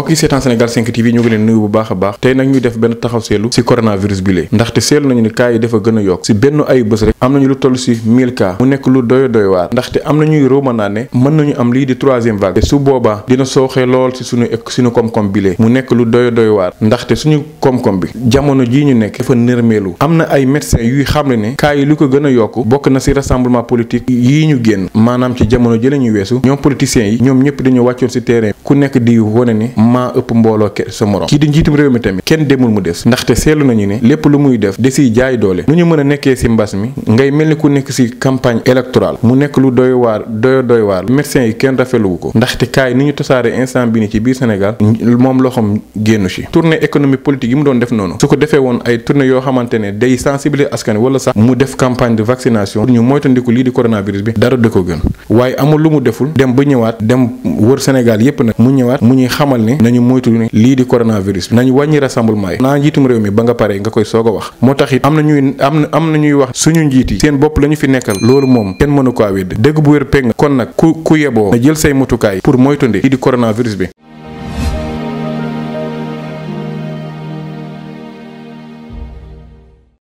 mbokk yi seetaan Sénégal 5 TV ñu ngi leen bu baax a baax tey nag ñu def benn taxaw seetlu ci coronavirus bi lee ndaxte seetlu nañu ni cas yi dafa gën a yokk ci benn ay bés rek am nañu lu tollu ci 1000 cas mu nekk lu doy doy waar ndaxte am nañuy rooma naa ne mën nañu am lii di troisième vague te su boobaa dina sooxee lool ci suñu ek suñu koom-koom bi mu nekk lu doy doy waar ndaxte suñu koom-koom bi jamono jii ñu nekk dafa nërmeelu am na ay médecins yuy xamle ne cas yi lu ko gën a yokk bokk na ci rassemblement politique yii ñu génn maanaam ci jamono jële ñu weesu ñoom politiciens yi ñoom ñëpp dañu wàccoon ci terrain ku nekk di wone ni ma ëpp mbooloo ke sa morom kii di njiitum réew mi tamit kenn demul mu des ndaxte seetlu nañu ne lépp lu muy def desiy jaay doole nu ñu mën a nekkee si mbas mi ngay mel ni ku nekk si campagne électorale mu nekk lu doy waar doy doy waar médecins yi kenn rafetluwu ko ndaxte kaay ni ñu tasaare instant bi ni ci biir Sénégal moom loxoom génnu si tournée économique politique yi mu doon def noonu su ko defee woon ay tournée yoo xamante ne day sensibiliser askan wala sax mu def campagne de vaccination pour ñu moytandiku lii di coronavirus bi dara da ko gën waaye amul lu mu deful dem ba ñëwaat dem wër Sénégal yépp nag mu ñëwaat mu ñuy xamal ne nañu moytu lii di coronavirus bi nañu wàññi rassemblement yi naa njiitum réew mi ba nga pare nga koy soog a wax moo tax it am na ñuy am na am na ñuy wax suñu njiit yi seen bopp la ñu fi nekkal loolu moom kenn mënu ko wedd dëgg bu wér peng kon nag ku ku yeboo na jël say motukaay pour moytundi lii di coronavirus bi